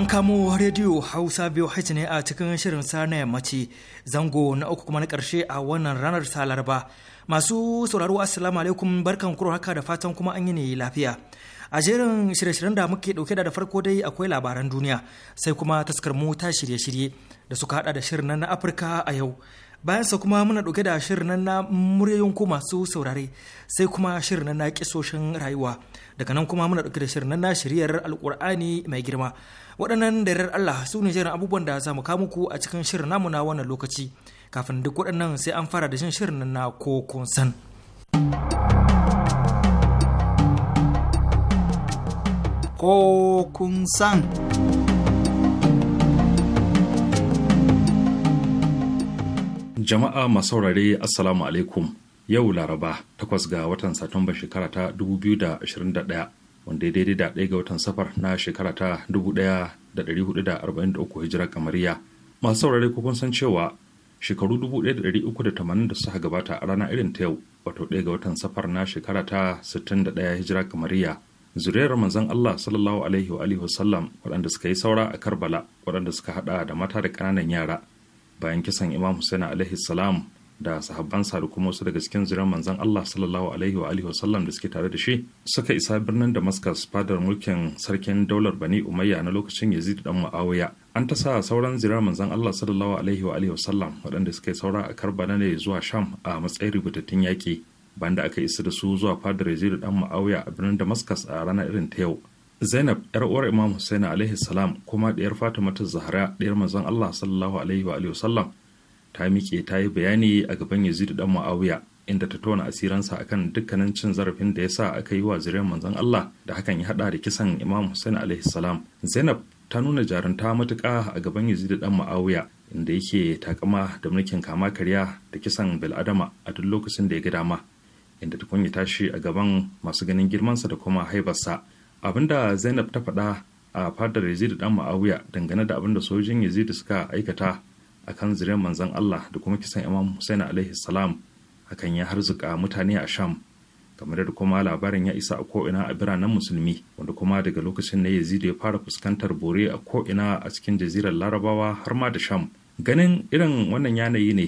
An kamo rediyo Hausa biyu haici ne a cikin shirin sa na yammaci zango na uku kuma na ƙarshe a wannan ranar ta laraba. Masu sauraro assalamu alaikum barkan kuro haka da fatan kuma an yi ne lafiya. A jerin shirye-shiryen da muke ɗauke da farko dai akwai labaran duniya sai kuma taskar mota shirye-shirye da suka hada da shirin na Afirka a yau. Bayan sa kuma muna ɗauke da shirin na muryoyin ku masu saurare sai kuma shirin na kisoshin rayuwa daga nan kuma muna ɗauke da shirin na shiryar alkur'ani mai girma. waɗannan da Allah su ne jiran abubuwan da za mu kawo muku a cikin shirin namu na wannan lokaci kafin duk waɗannan sai an fara da shin shirin na ko kun san. Ko kun san. Jama'a masaurare Assalamu alaikum. Yau Laraba, takwas ga watan Satumba shekara ta 2021 wanda ya daidai da ɗaya ga watan safar na shekara ta 1443 hijira kamariya masu saurare ko kun san cewa shekaru 1380 da suka gabata a rana irin ta yau wato ɗaya ga watan safar na shekara ta 61 hijira kamariya zuriyar manzon Allah sallallahu alaihi wa alihi wasallam waɗanda suka yi saura a Karbala waɗanda suka hada da mata da ƙananan yara bayan kisan Imam Hussein alaihi salam da sahabbansa da kuma wasu daga cikin ziran manzon Allah sallallahu alaihi wa alihi wasallam da suke tare da shi suka isa birnin Damascus fadar mulkin sarkin daular Bani Umayya na lokacin Yazid dan Muawiya an ta sa sauran ziran manzon Allah sallallahu alaihi wa alihi wasallam waɗanda suka saura a Karbala ne zuwa Sham a matsayin rubutattun yaƙi banda aka isa da su zuwa fadar Yazid dan Muawiya a birnin Damascus a ranar irin ta yau Zainab yar uwar Imam Hussein alaihi salam kuma diyar Fatima ta Zahra diyar manzon Allah sallallahu alaihi wa alihi wasallam ta miƙe ta yi bayani a gaban yazid dan muawiya inda ta tona asiransa akan dukkanin cin zarafin da ya sa aka yi wa zuriyar manzon Allah da hakan ya haɗa da kisan Imam Hussein alaihi salam. Zainab ta nuna jarunta matuka a gaban Yazid dan Muawiya inda yake takama da mulkin kama karya da kisan Adama a duk lokacin da ya ga dama inda ta kunya tashi a gaban masu ganin girmansa da kuma haibarsa. Abinda Zainab ta faɗa a fadar Yazid dan Muawiya dangane da abin da sojojin Yazid suka aikata akan zuriyar manzon Allah da kuma kisan Imam Hussein alaihi salam hakan ya harzuka mutane a Sham kamar da kuma labarin ya isa a ko'ina a biranen musulmi wanda kuma daga lokacin na Yazid ya fara fuskantar bore a ko'ina a cikin jazirar Larabawa har ma da Sham ganin irin wannan yanayi ne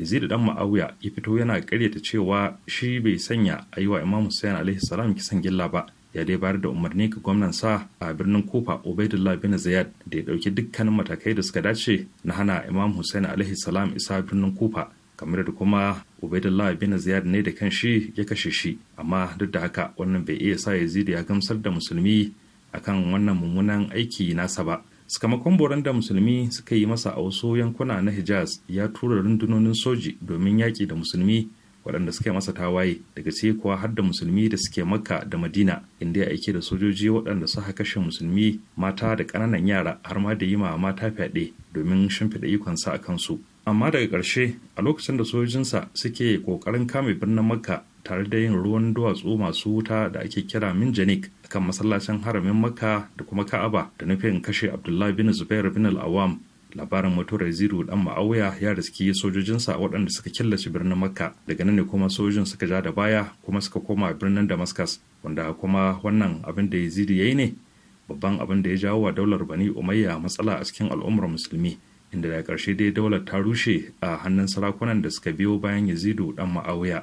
Yazid dan Ma'awiya ya fito yana karyata cewa shi bai sanya a yi wa Imam Hussein alaihi salam kisan gilla ba ya dai bayar da umarni ga gwamnan sa a birnin kufa ubaidullah bin ziyad da ya dauki dukkanin matakai da suka dace na hana imam hussein alaihi salam isa birnin kufa kamar da kuma ubaidullah bin ziyad ne da kan shi ya kashe shi amma duk da haka wannan bai iya sa da ya gamsar da musulmi akan wannan mummunan aiki nasa ba sakamakon boran da musulmi suka yi masa a wasu yankuna na hijaz ya tura rundunonin soji domin yaƙi da musulmi waɗanda suka masa tawaye daga ciki kuwa har da musulmi da suke makka da madina inda ya aike da sojoji waɗanda suka kashe musulmi mata da ƙananan yara har ma da yi ma mata fyaɗe domin shimfiɗa ikonsa a kansu amma daga ƙarshe a lokacin da sojojinsa suke ƙoƙarin kame birnin makka tare da yin ruwan duwatsu masu wuta da ake kira minjanik kan masallacin haramin makka da kuma ka'aba da nufin kashe abdullahi bin zubair bin al'awam labarin mutuwar yazidu dan ma'auya ya riski sojojinsa waɗanda suka killace birnin makka daga nan ne kuma sojojin suka ja da baya kuma suka koma birnin damascus wanda kuma wannan abin da yazidu ya yi ne babban abin da ya jawo wa daular bani umayya matsala a cikin al'ummar musulmi inda daga karshe dai daular ta rushe a hannun sarakunan da suka biyo bayan yazidu dan ma'auya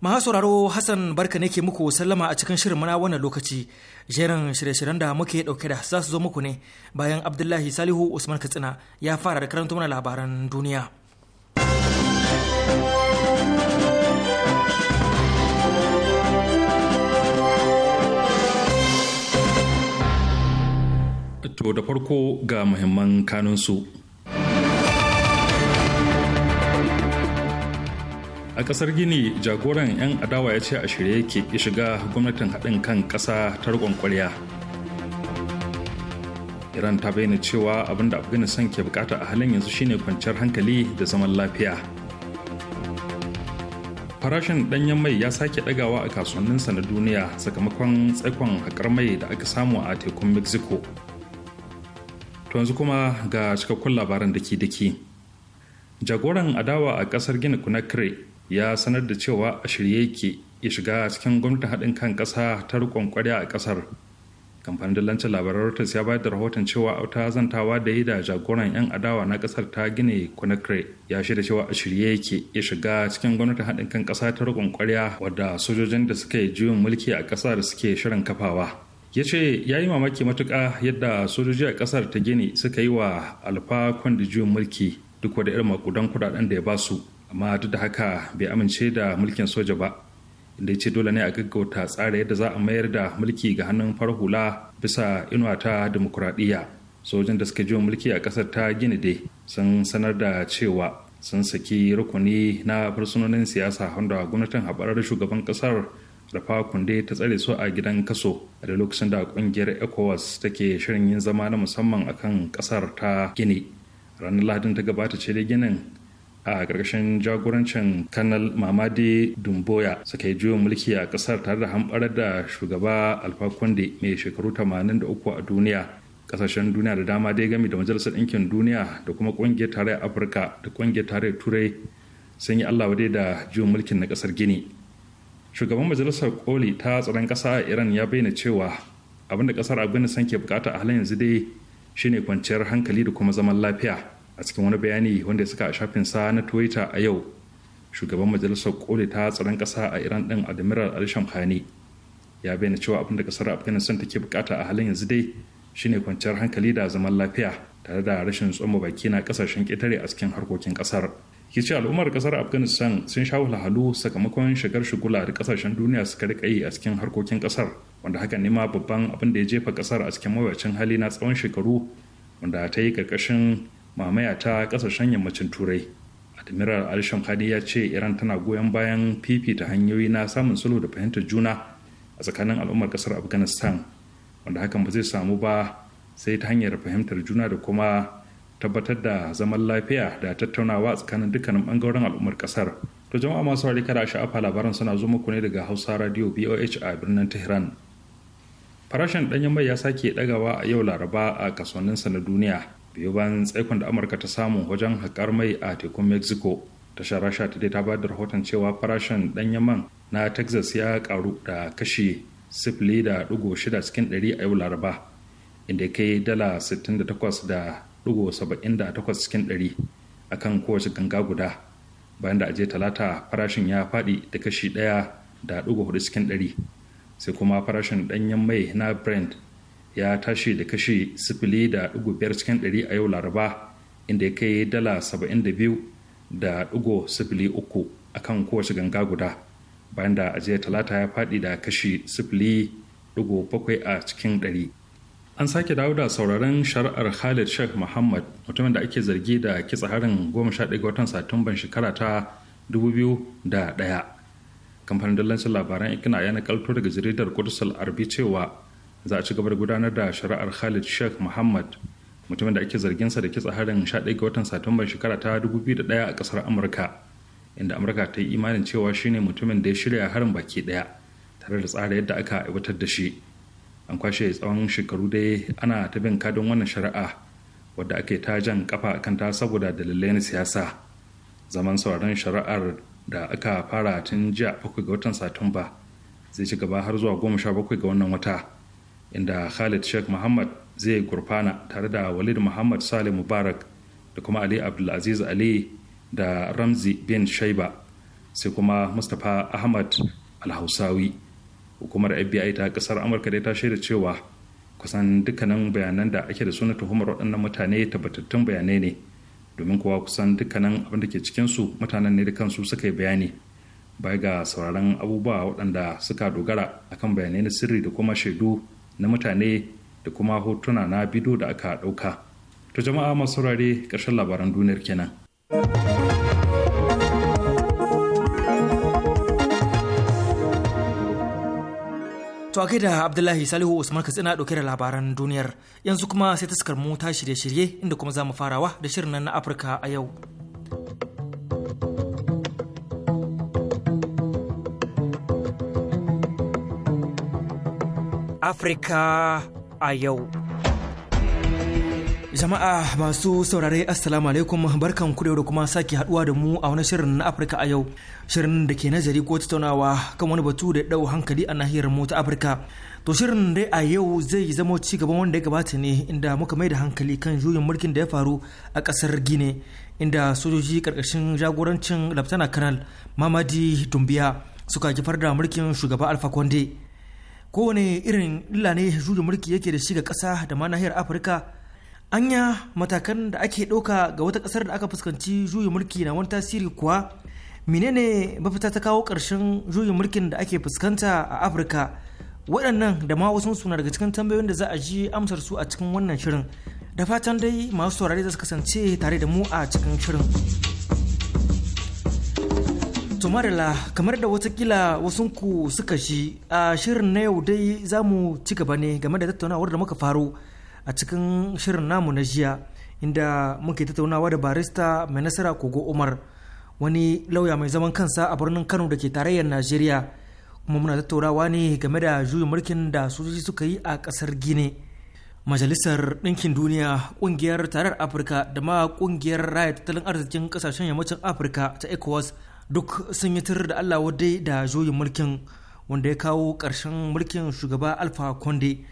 maha sauraro Hassan barka ne ke muku sallama a cikin shirin mana wannan lokaci. Jerin shirye-shiryen da muke dauke da za su zo muku ne bayan Abdullahi Salihu Usman Katsina ya fara da karanta mana labaran duniya. To da farko ga muhimman kanunsu. a kasar gini jagoran 'yan adawa ya ce a shirye yake ya shiga gwamnatin haɗin kan ƙasa ta riƙon kwarya iran ta bayyana cewa abinda afghanistan ke bukata a halin yanzu shine kwanciyar hankali da zaman lafiya farashin ɗanyen mai ya sake ɗagawa a kasuwanninsa na duniya sakamakon tsaikon haƙar mai da aka samu a tekun mexico to yanzu kuma ga cikakkun labaran daki-daki jagoran adawa a ƙasar gini kunakri ya sanar da cewa a shirye yake ya shiga cikin gwamnatin haɗin kan ƙasa ta riƙon a ƙasar kamfanin dillancin labaran reuters ya bayar da rahoton cewa auta zantawa da yi da jagoran 'yan adawa na ƙasar ta gine conakry ya shirya cewa a shirye yake ya shiga cikin gwamnatin haɗin kan ƙasa ta riƙon ƙwarya wadda sojojin da suka yi juyin mulki a ƙasar suke shirin kafawa ya ce ya yi mamaki matuƙa yadda sojoji a ƙasar ta gini suka yi wa alfa kwandi da juyin mulki duk da irin makudan kudaden da ya ba amma duk da haka bai amince da mulkin soja ba inda ya ce dole ne a gaggauta tsara yadda za a mayar da mulki ga hannun farar bisa inuwa ta demokuraɗiyya sojin da suka jiwa mulki a ƙasar ta gini dai sun sanar da cewa sun saki rukuni na fursunonin siyasa wanda gwamnatin haɓarar shugaban ƙasar rafa kunde ta tsare su a gidan kaso a da lokacin da ƙungiyar ecowas take shirin yin zama na musamman akan ƙasar ta gini ranar lahadin ta gabata ce da ginin a ƙarƙashin jagorancin kanal mamadi dumboya suka yi juyin mulki a ƙasar tare da hamɓarar da shugaba alfa konde mai shekaru 83 a duniya ƙasashen duniya da dama dai gami da majalisar ɗinkin duniya da kuma ƙungiyar tarayyar afirka da ƙungiyar tarayyar turai sun yi allah wadai da juyin mulkin na ƙasar gini shugaban majalisar koli ta tsaron ƙasa a iran ya bayyana cewa abinda ƙasar afghanistan ke bukata a halin yanzu dai shine kwanciyar hankali da kuma zaman lafiya a cikin wani bayani wanda suka a shafin sa na twitter a yau shugaban majalisar koli ta tsaron kasa a iran din admiral ali shamkhani ya bayyana cewa abin da kasar afghanistan take bukata a halin yanzu dai shine kwanciyar hankali da zaman lafiya tare da rashin tsoma baki na kasashen ƙetare a cikin harkokin kasar ke ce al'ummar kasar afghanistan sun sha wahalhalu sakamakon shigar shugula da kasashen duniya suka rika yi a cikin harkokin kasar wanda hakan ne ma babban abin da ya jefa kasar a cikin mawuyacin hali na tsawon shekaru wanda ta yi karkashin mamaya ta kasashen yammacin turai admiral alishan kadi ya ce iran tana goyon bayan fifita hanyoyi na samun sulhu da fahimtar juna a tsakanin al'ummar kasar afghanistan wanda hakan ba zai samu ba sai ta hanyar fahimtar juna da kuma tabbatar da zaman lafiya da tattaunawa tsakanin dukkanin bangaren al'ummar kasar to jama'a masu saurari kada sha'afa labaran suna zo muku ne daga hausa radio boh a birnin tehran farashin danyen mai ya sake dagawa a yau laraba a kasuwanninsa na duniya biyu bayan tsaikon da amurka ta samu wajen haƙar mai a tekun mexico tashar rasha ta ta bada rahoton cewa farashin ɗanyen man na texas ya karu da kashi sifili da ɗigo shida cikin ɗari a yau laraba inda ya kai dala sittin da takwas ɗigo saba'in cikin ɗari a kan kowace ganga guda bayan da aje talata farashin ya faɗi da kashi ɗaya da ɗigo hudu cikin ɗari sai kuma farashin ɗanyen mai na brent ya tashi da kashi sifili da ɗigo biyar cikin ɗari a yau laraba inda ya kai dala saba'in da biyu da ɗigo sifili uku a kan kowace ganga guda bayan da a talata ya faɗi da kashi sifili ɗigo bakwai a cikin ɗari an sake dawo da sauraron shari'ar khalid sheikh muhammad mutumin da ake zargi da kitsa harin goma sha ɗaya watan satumban shekara ta dubu biyu da ɗaya kamfanin dallancin labaran ikina ya kalto daga jaridar kudus arbi cewa za a ci gaba da gudanar da shari'ar khalid sheikh muhammad mutumin da ake zarginsa da kitsa harin 11 ga watan satumba shekara ta 2001 a kasar amurka inda amurka ta yi imanin cewa shine mutumin da ya shirya harin baki daya tare da tsara yadda aka aiwatar da shi an kwashe tsawon shekaru dai ana ta bin kadin wannan shari'a wadda ake ta jan kafa kan ta saboda dalilai na siyasa zaman sauraron shari'ar da aka fara tun jiya 7 ga watan satumba zai ci gaba har zuwa 17 ga wannan wata inda khalid sheikh muhammad zai gurfana tare da walid muhammad Salim mubarak da kuma ali abdulaziz ali da ramzi bin shaiba sai kuma mustapha ahmad alhausawi hukumar fbi ta kasar amurka dai ta shaida cewa kusan dukkanin bayanan da ake da suna tuhumar waɗannan mutane tabbatattun bayanai ne domin kuwa kusan dukkanin abin da ke cikinsu mutanen ne da kansu suka yi bayani baya ga sauraron abubuwa waɗanda suka dogara akan bayanai na sirri da kuma shaidu na mutane da kuma hotuna na bido da aka ɗauka. To jama'a masu saurare ƙarshen labaran duniyar kenan. To kai da Abdullahi Salihu Usman Katsina ɗauke da labaran duniyar yanzu kuma sai taskar mu ta shirye-shirye inda kuma za mu farawa da shirin nan na Afirka a yau. Afirka a yau. Jama'a masu saurare Assalamu alaikum barkan ku da kuma sake haduwa da mu a wani shirin na Afirka a yau. Shirin da ke nazari ko tattaunawa kan wani batu da dau hankali a nahiyar mu ta Afirka. To shirin dai a yau zai zama ci gaban wanda ya gabata ne inda muka mai da hankali kan juyin mulkin da ya faru a kasar Gine inda sojoji karkashin jagorancin Laftana Kanal Mamadi Dumbiya suka kifar da mulkin shugaba Alpha Conde. kowane irin illa ne juyin mulki yake da shi ga ƙasa da ma nahiyar afirka anya matakan da ake ɗauka ga wata kasar da aka fuskanci juyin mulki na wani tasiri kuwa menene mafita ta kawo ƙarshen juyin mulkin da ake fuskanta a afirka waɗannan da ma wasu suna daga cikin tambayoyin da za a ji amsar su a cikin wannan shirin da fatan dai masu saurare za su kasance tare da mu a cikin shirin. Tumarila kamar da watakila wasunku suka shi a shirin na yau dai za mu ci gaba ne game da tattaunawar da muka faro a cikin shirin namu na jiya inda muke tattaunawa da barista mai nasara kogo umar wani lauya mai zaman kansa a birnin kano da ke tarayyar najeriya kuma muna tattaunawa ne game da juyin mulkin da sojoji suka yi a kasar gine majalisar ɗinkin duniya ƙungiyar tarar afirka da ma ƙungiyar raya tattalin arzikin ƙasashen yammacin afirka ta ecowas duk sun yi tirar da allah wadai da juyin mulkin wanda ya kawo ƙarshen mulkin shugaba alfa konde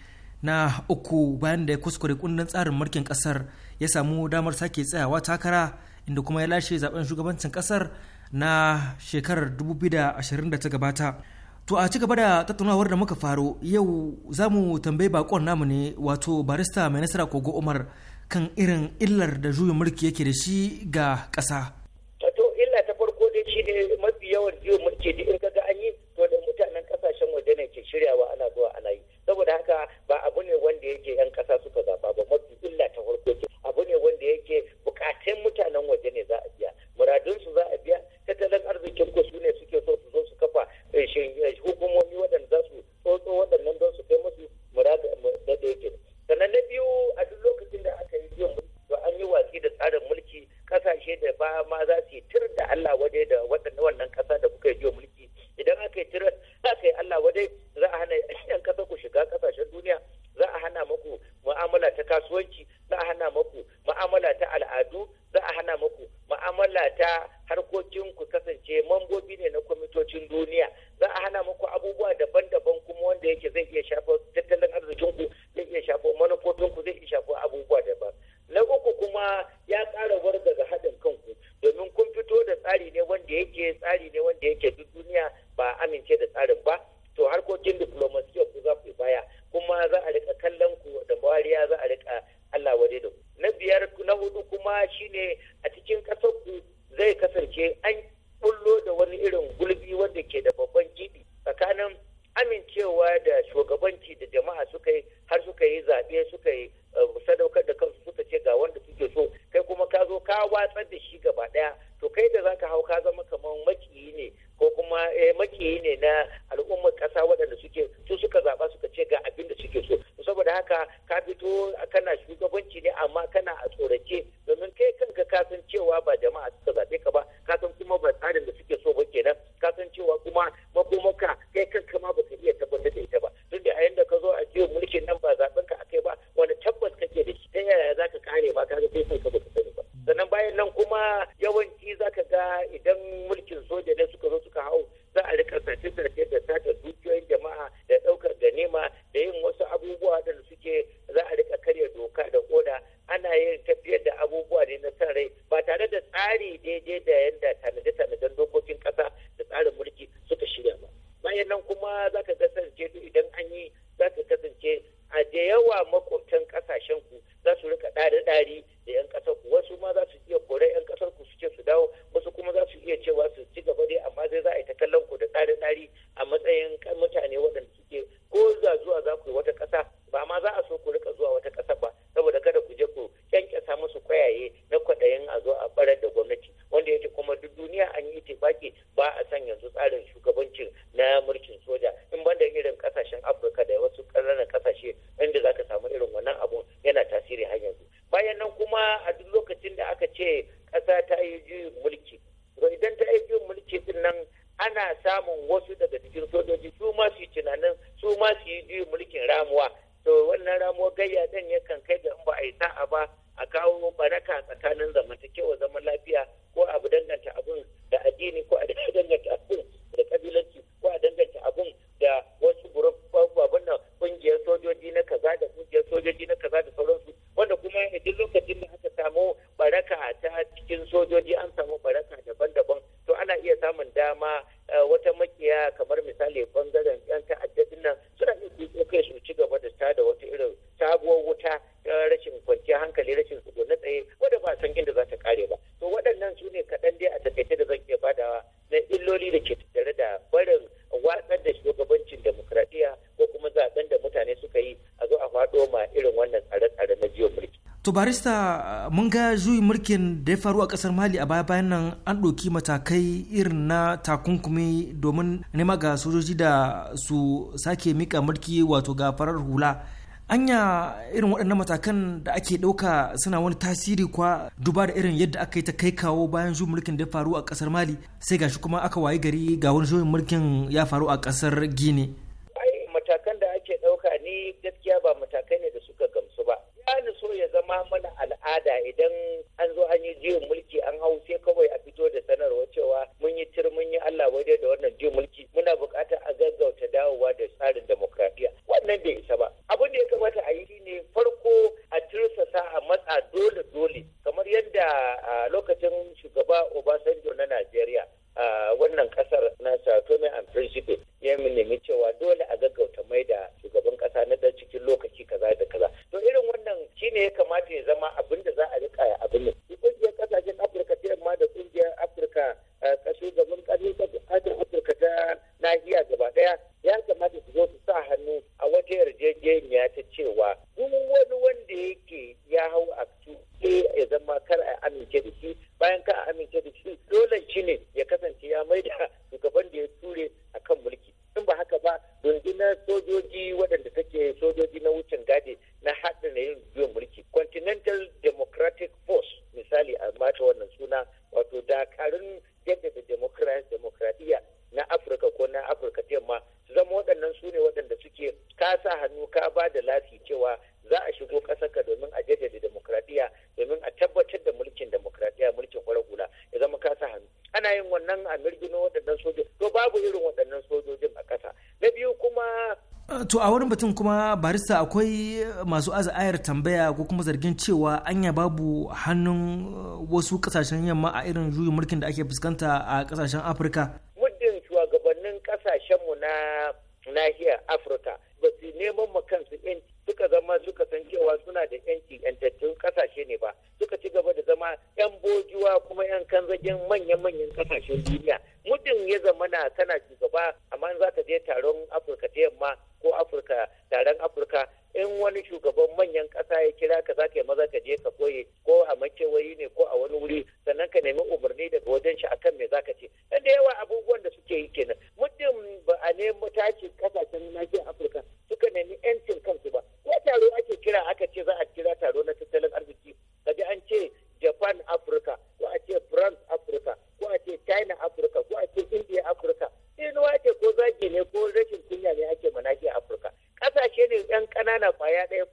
na uku bayan da ya kuskure kundin tsarin mulkin ƙasar ya samu damar sake tsayawa takara inda kuma ya lashe zaben shugabancin ƙasar na shekarar 2020 da ta gabata To a ci gaba da tattaunawar da muka faro yau za mu tambayi bakon namu ne wato barista mai nasara kogo Umar kan irin illar da juyin mulki yake da shi ga ƙasa. shi ne mafi yawan jiwon mulki in kaga an yi to da mutanen kasashen waje ne ke shiryawa ana zuwa ana yi saboda haka ba abu ne wanda yake yan kasa To barista mun ga juyin mulkin da ya faru a kasar Mali a baya-bayan nan an ɗauki matakai irin na takunkumi domin nema ga sojoji da su sake mika mulki wato ga farar hula. Anya irin waɗannan matakan da ake ɗauka suna wani tasiri kwa duba da irin yadda aka yi ta kai kawo bayan juyin mulkin da ya faru a kasar Mali sai gashi kuma aka wayi gari ga wani juyin mulkin ya faru a kasar Guinea. zama mana al'ada idan an zo an yi jiwon mulki an hau sai kawai a fito da sanarwa cewa mun yi tir mun yi Allah wajen da wannan jiwon mulki ana yin wannan a mirgino waɗannan sojoji to babu irin waɗannan sojojin a ƙasa na biyu kuma ah, to a wurin batun kuma barista akwai masu aza'ayar tambaya ko kuma zargin cewa anya babu hannun eh, wasu kasashen yamma a irin juyin mulkin da ake fuskanta a kasashen afirka muddin shugabannin kasashenmu na nahiyar afirka ba su neman kansu yanci suka zama suka san cewa suna da yanci yantattun kasashe ne ba dama 'yan bojuwa kuma 'yan kanzagen manya-manyan kasashen duniya muddin ya zama na kana shugaba amma za ka je taron afirka ta yamma ko afirka taron afirka in wani shugaban manyan kasa ya kira ka zaka yi maza ka je ka koye ko a makewayi ne ko a wani wuri sannan ka nemi umarni daga wajen shi akan me za ka ce dan da yawa abubuwan da suke yi kenan muddin ba a nemi tashi kasashen nahiyar afirka suka nemi yancin kansu ba ko taro ake kira aka ce za a kira taro na tattalin ne ko rashin kunya ne ake mana a afirka ƙasashe ne yan ƙanana kwaya ɗaya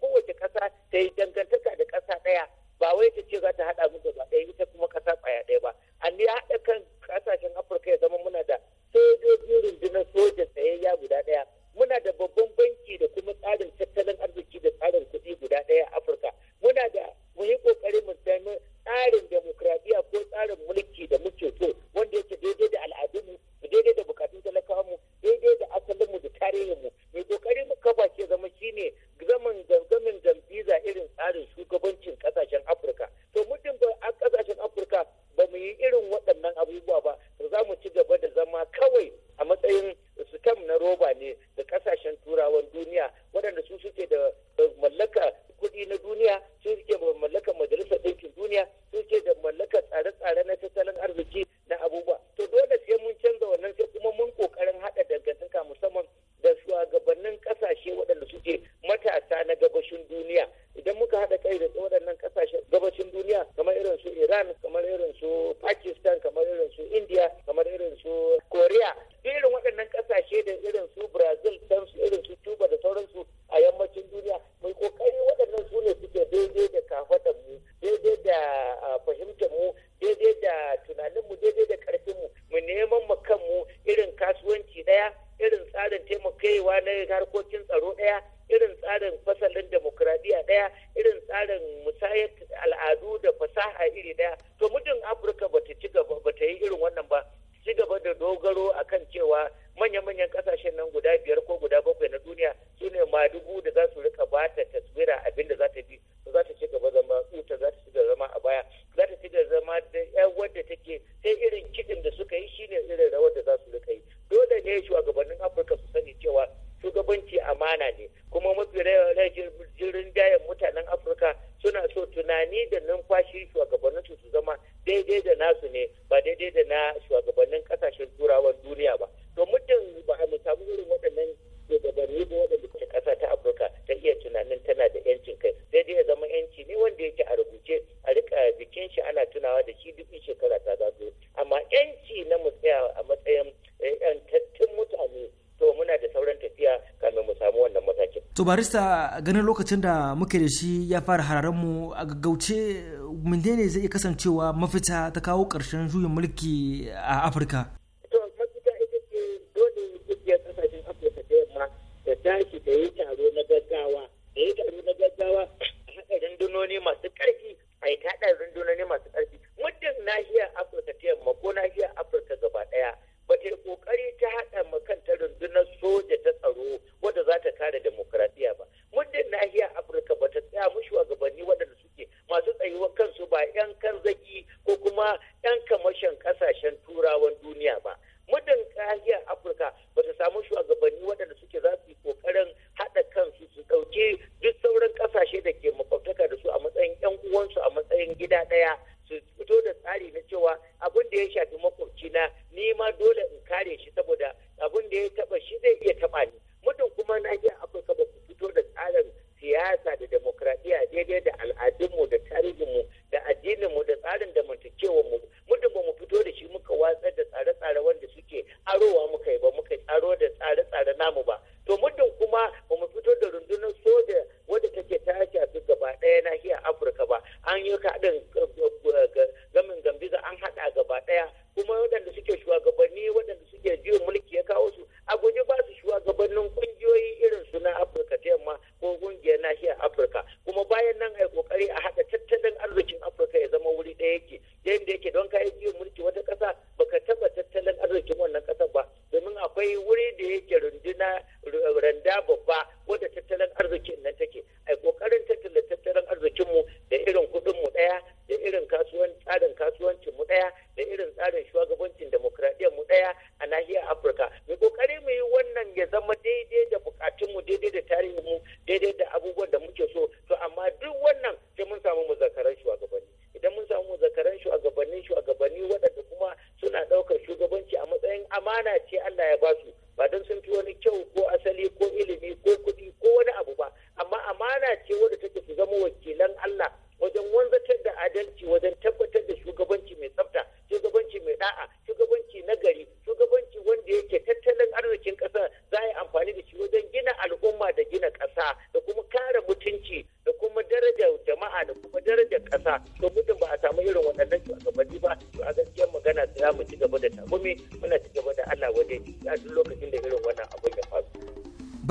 barista ganin lokacin da muke da shi ya fara hararen mu a gaggauce menene zai iya kasancewa mafita ta kawo ƙarshen juyin mulki a afirka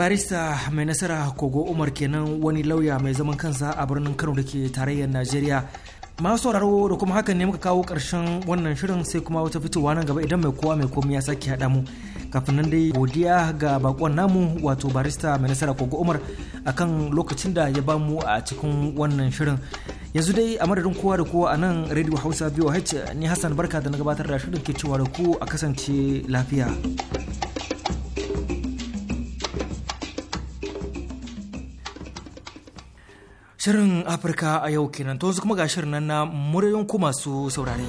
barista mai nasara kogo umar kenan wani lauya mai zaman kansa a birnin kano da ke tarayyar najeriya masu sauraro da kuma hakan ne muka kawo karshen wannan shirin sai kuma wata fitowa nan gaba idan mai kowa mai komi ya sake haɗa mu kafin nan dai godiya ga bakon namu wato barista mai nasara kogo umar akan lokacin da ya bamu a cikin wannan shirin yanzu dai a madadin kowa da kowa a nan radio hausa voh ni hassan barka da na gabatar da shirin ke cewa da ku a kasance lafiya. Shirin Afirka a yau kenan to kuma ga shirin nan na muryoyin ku masu saurare.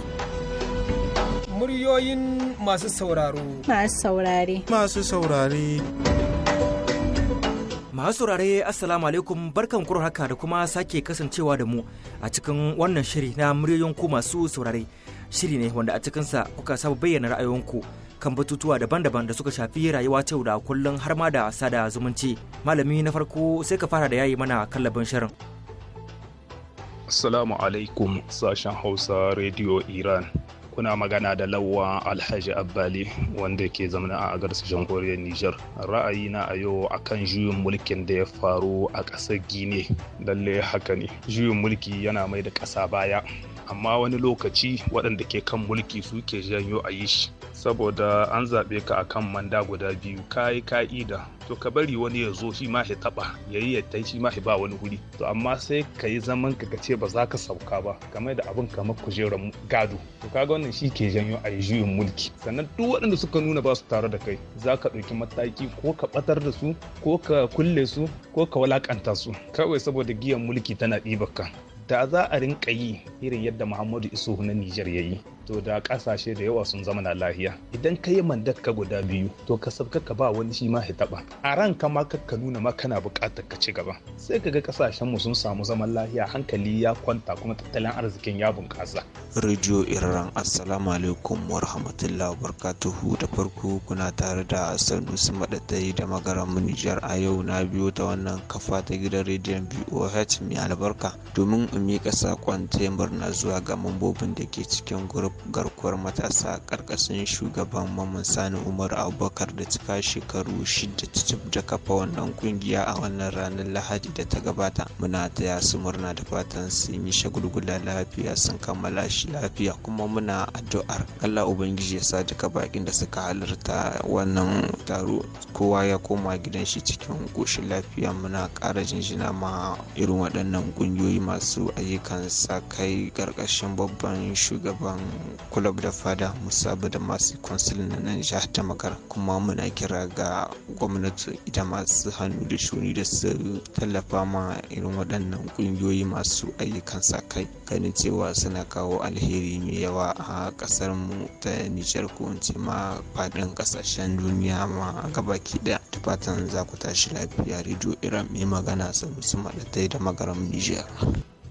Muryoyin masu sauraro. Masu saurare. Masu saurare. Masu saurare Assalamu alaikum barkan kuro haka da kuma sake kasancewa da mu a cikin wannan shiri na muryoyin ku masu saurare. Shiri ne wanda a cikinsa kuka saba bayyana ra'ayoyinku kan batutuwa daban-daban da suka shafi rayuwa ta da kullum har ma da sada zumunci. Malami na farko sai ka fara da yayi mana kallabin shirin. Assalamu alaikum sashen Hausa Radio Iran. kuna magana da lawa alhaji abbali wanda ke zamana a agarsu jamhuriyar Nijar? ra'ayina a yau akan juyin mulkin da ya faru a ƙasar gine lalle haka ne juyin mulki yana mai da ƙasa baya amma wani lokaci waɗanda ke kan mulki suke janyo a yi shi saboda an zaɓe ka a kan manda guda biyu kayi ka'ida to ka bari wani ya zo shi ma ya taɓa ya yi shi ma ba wani wuri to amma sai ka yi zaman ka ce ba za ka sauka ba kama da abin kamar kujerar gado to kaga wannan shi ke janyo a juyin mulki sannan duk waɗanda suka nuna ba su tare da kai za ka ɗauki mataki ko ka ɓatar da su ko ka kulle su ko ka walaƙanta su kawai saboda giyan mulki tana ɗibar ka da za a rinka yi irin yadda muhammadu isuhu na nijar ya yi to da kasashe da yawa sun zama na lahiya idan ka yi mandat ka guda biyu to ka sabka ka ba wani shi ma ya taba a ranka ma ka nuna ma kana buƙatar ka ci gaba sai ka ga kasashen mu sun samu zaman lahiya hankali ya kwanta kuma tattalin arzikin ya bunkasa radio iran assalamu alaikum wa rahmatullahi wa barakatuhu da farko kuna tare da sanusi madadai da magaran Nijar a yau na biyo ta wannan kafa ta gidan rediyon BOH mai albarka domin in mika saƙon na zuwa ga mambobin da ke cikin gurbin garkuwar matasa ƙarƙashin shugaban Mamman Sani Umar Abubakar da cika shekaru shida cicif da kafa wannan kungiya a wannan ranar Lahadi da ta gabata. Muna taya su murna da fatan sun yi shagulgula lafiya sun kammala shi lafiya kuma muna addu'ar Allah Ubangiji ya sa duka bakin da suka halarta wannan taro kowa ya koma gidan shi cikin ƙoshin lafiya muna ƙara jinjina ma irin waɗannan ƙungiyoyi masu ayyukan sa kai ƙarƙashin babban shugaban kulob da fada musabu da masu konsulin na nan jihar ta makar kuma muna kira ga gwamnati ita masu hannu da shuni da su tallafa ma irin waɗannan ƙungiyoyi masu ayyukan sa kai ganin cewa suna kawo alheri mai yawa a ƙasar mu ta nijar ko in ce ma faɗin ƙasashen duniya ma gabaki ɗaya ta fatan za ku tashi lafiya rediyo iran mai magana sanusi maɗatai da magaran nijar.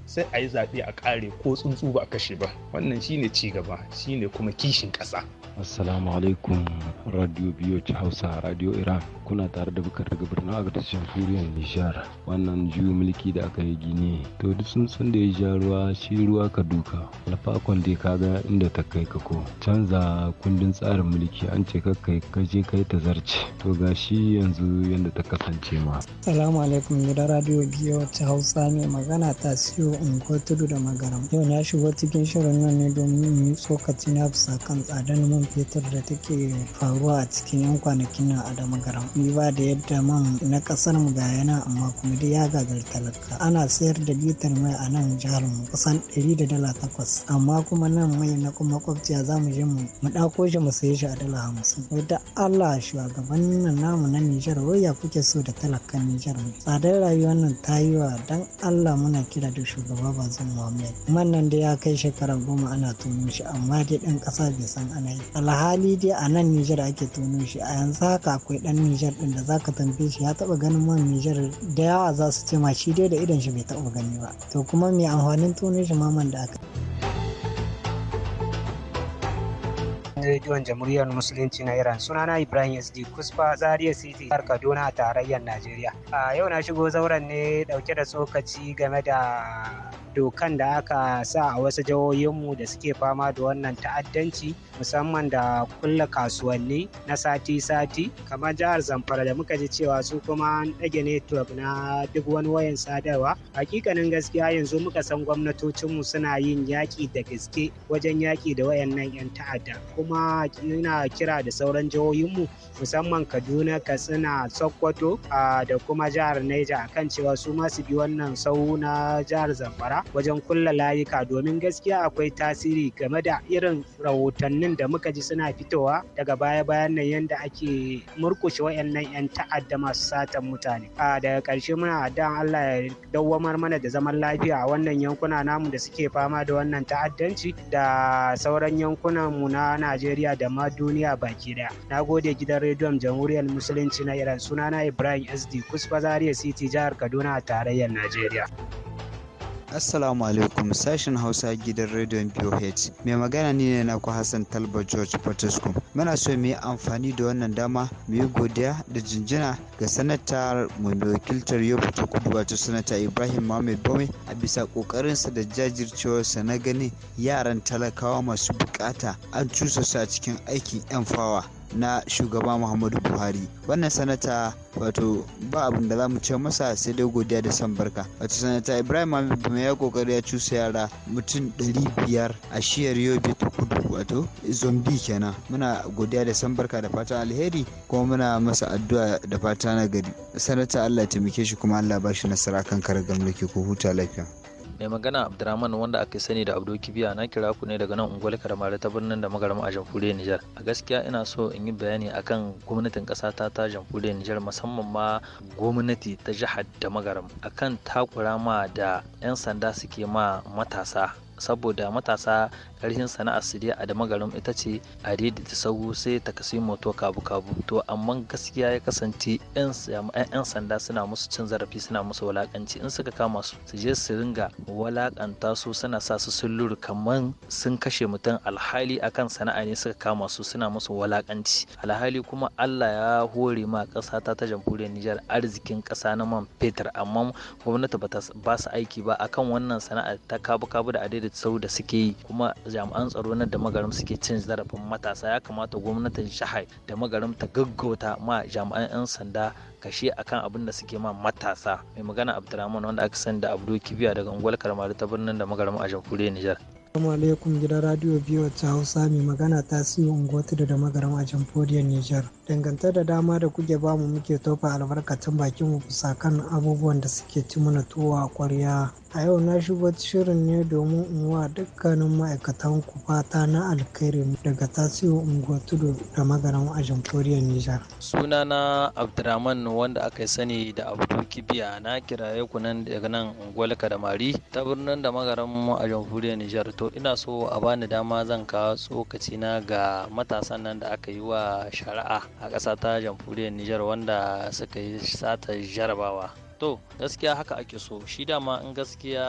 sai a yi zaɓe a ƙare ko tsuntsu ba a kashe ba wannan shine ci gaba shine kuma kishin ƙasa assalamu alaikum radio biyu hausa radio iran kuna tare da bukar daga birnin agadis suriyan nishar wannan juyin mulki da aka yi gini to duk sun san da ya ja ruwa shi ruwa ka duka alfakon dai ka ga inda ta kai ka ko canza kundin tsarin mulki an ce ka kai ka je kai ta zarce to ga shi yanzu yadda ta kasance ma salamu alaikum gidan radio biyu wacce hausa ne, magana ta siyo in unguwar tudu da magaram yau na shigo cikin shirin nan ne domin yi tsokaci na fusa kan tsadar man fetur da take faruwa a cikin yan kwanakin na a da magaram duba da yadda man na kasar mu ga yana amma kuma dai ya gagar talaka ana sayar da litar mai a nan jihar mu kusan ɗari da dala takwas amma kuma nan mai na kuma kwabciya za mu je mu ɗako shi mu saye shi a dala hamsin da Allah shugaban nan namu na Nijar ya kuke so da talakan Nijar mu tsadar rayuwar nan ta yi wa dan Allah muna kira da shugaba Bazum Muhammad man nan da ya kai shekara goma ana tono shi amma dai dan kasa bai san ana yi alhali dai a nan Nijar ake tono shi a yanzu haka akwai ɗan Nijar Niger din da zaka tambaye shi ya taba ganin man Nijar da yawa za su ce ma shi dai da idan shi bai taba gani ba to kuma me amfanin tunin shi ma da aka rediyon jamhuriyar musulunci na iran sunana ibrahim sd kusfa zaria city jihar kaduna a tarayyar najeriya a yau na shigo zauren ne dauke da tsokaci game da dokan da aka sa a wasu jihohinmu da suke fama da wannan ta'addanci musamman da kulla kasuwanni na sati-sati kamar jihar zamfara da muka ji cewa su kuma an ɗage network na duk wani wayan sadarwa hakikanin gaskiya yanzu muka san gwamnatocinmu suna yin yaƙi da gaske wajen yaƙi da wayannan 'yan ta'adda kuma ina kira da sauran jihohinmu musamman kaduna katsina sokoto da kuma jihar neja akan cewa su ma su bi wannan sau na jihar zamfara wajen kulla layuka domin gaskiya akwai tasiri game da irin rahotannin da muka ji suna fitowa daga baya-bayan nan yadda ake murkushe wayannan 'yan ta'adda masu satan mutane a daga ƙarshe muna addu'an Allah ya dawwamar mana da zaman lafiya a wannan yankuna namu da suke fama da wannan ta'addanci da sauran yankunan mu na Najeriya da ma duniya baki daya na gode gidan rediyon jamhuriyar musulunci na Iran sunana Ibrahim SD Kusfa Zaria City jihar Kaduna a tarayyar Najeriya. Assalamu alaikum sashen Hausa gidan rediyon BOH. Mai magana ni ne naku Hassan Talba George Fortescue. Muna so mu yi amfani da wannan dama mu yi godiya da jinjina ga sanatar mu mai wakiltar Yobe ta Kudu wato sanata Ibrahim Mohammed Bome a bisa kokarinsa da jajircewarsa na ganin yaran talakawa masu bukata an cusa su a cikin aikin 'yan fawa. na shugaba muhammadu buhari wannan sanata wato ba abin da za mu ce masa sai dai godiya da san barka wato sanata ibrahim ahmed mai ya kokari ya cusa yara mutum ɗari biyar a shiyar yobe ta kudu wato zombi kenan muna godiya da san barka da fatan alheri kuma muna masa addu'a da fata na gari sanata allah ya taimake shi kuma allah ba shi nasara kan karagar mulki ko huta lafiya mai magana abdurrahman wanda aka sani da abdo kibiya na kira ku ne daga nan unguwar karamare ta birnin da magaram a jamhuriyar nijar a gaskiya ina so in yi bayani akan gwamnatin ƙasa ta ta jamhuriyar nijar musamman ma gwamnati ta jihar da magaram akan takura ma da 'yan sanda suke ma matasa saboda matasa karshen sana'ar su dai a da magarin ita ce a da ta sahu sai ta kasi moto kabu-kabu to amma gaskiya ya kasance 'yan sanda suna musu cin zarafi suna musu walakanci in suka kama su su je su ringa walakanta su suna sa su lura kamar sun kashe mutum alhali akan sana'a ne suka kama su suna musu walakanci alhali kuma Allah ya hore ma ƙasa ta ta jamhuriyar Nijar arzikin ƙasa na man fetur amma gwamnati ba su aiki ba akan wannan sana'a ta kabu-kabu da adaidaita sau da suke yi kuma jami'an tsaro na da magaram suke cin zarafin matasa ya kamata gwamnatin shahai da magaram ta gaggauta ma jami'an 'yan sanda kashe akan abin da suke ma matasa mai magana abdulrahman wanda aka sani da abdu kibiya daga unguwar karmaru ta birnin da magaram a jamhuriyar nijar salamu alaikum gidan radio biyu ta Hausa mai magana ta siyo Ungotudu da magaram a jamhuriyar Nijar. Dangantar da dama da kuke bamu muke tofa albarkacin bakin mu bisa kan abubuwan da suke ci mana tuwo a kwarya A yau na shigo shirin ne domin in wa dukkanin ma'aikatan ku fata na alkhairi daga tasirin unguwar tudu da magaran a jamhuriyar Nijar. Sunana Abdurrahman wanda aka sani da abdu Kibiya na kiraye ku nan daga nan unguwar Kadamari ta birnin da magaran a jamhuriyar Nijar to ina so a bani dama zan kawo tsokaci na ga matasan nan da aka yi wa shari'a a ƙasa ta jamhuriyar Nijar wanda suka yi sata jarabawa to gaskiya haka ake so shi dama in gaskiya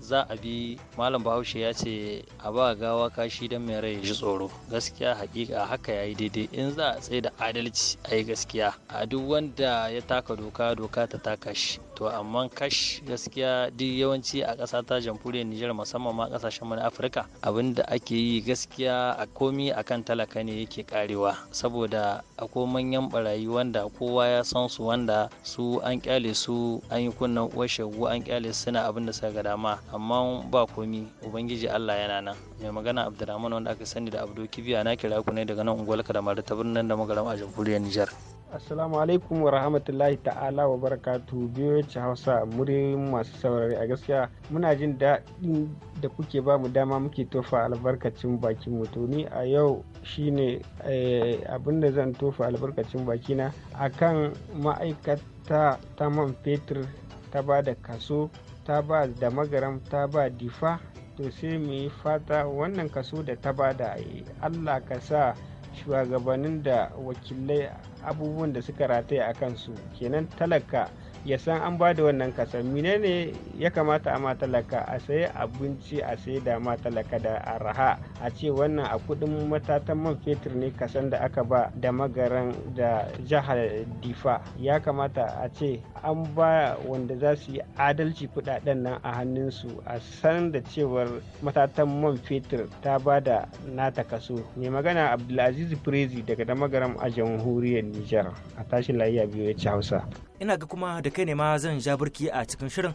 za a bi malam bahaushe ya ce a ba gawa kashi don mai rai ji tsoro gaskiya hakika haka ya yi daidai in za a tsaye da adalci a yi gaskiya a duk wanda ya taka doka doka ta taka shi to amma kash gaskiya duk yawanci a ƙasa ta jamhuriyar Nijar musamman ma ƙasashen mu na Afirka abinda ake yi gaskiya a komi akan talaka ne yake karewa saboda akwai manyan barayi wanda kowa ya san su wanda su an kyale su an yi kunnan uwar shagu an kyale su suna abin da suka ga dama amma ba komi ubangiji Allah yana nan mai magana Abdulrahman wanda aka sani da Abdul Kibiya na kira ku ne daga nan unguwar Kadamar ta birnin da magaram a jamhuriyar Nijar Assalamu alaikum wa rahmatullahi ta'ala wa barakatu biyoci Hausa muryoyin masu saurari a gaskiya muna jin daɗin da kuke ba mu dama muke tofa albarkacin baki mutuni a yau shine eh, abin da zan tofa albarkacin bakina kan ma'aikata ta man fetur ta ba da kaso ta ba da magaram ta ba difa to sai mu yi fata wannan kaso da ta ba da eh, Allah ka sa shugabannin da wakilai abubuwan da suka rataya a kansu kenan talaka ya san an ba da wannan kasar menene ya kamata a matalaka a sayi abinci a sayi da matalaka da araha a ce wannan a kudin matatan man fetur ne kasan da aka ba da magaran da jihar difa ya kamata a ce an ba wanda za su yi adalci kudaden nan a hannunsu a san da cewar matatan man fetur ta ba da nata kaso mai magana abdulaziz prezi daga da magaran a jamhuriyar nijar a layi lafiya biyu ya ci hausa ina ga kuma da kai ne ma zan ja burki a cikin shirin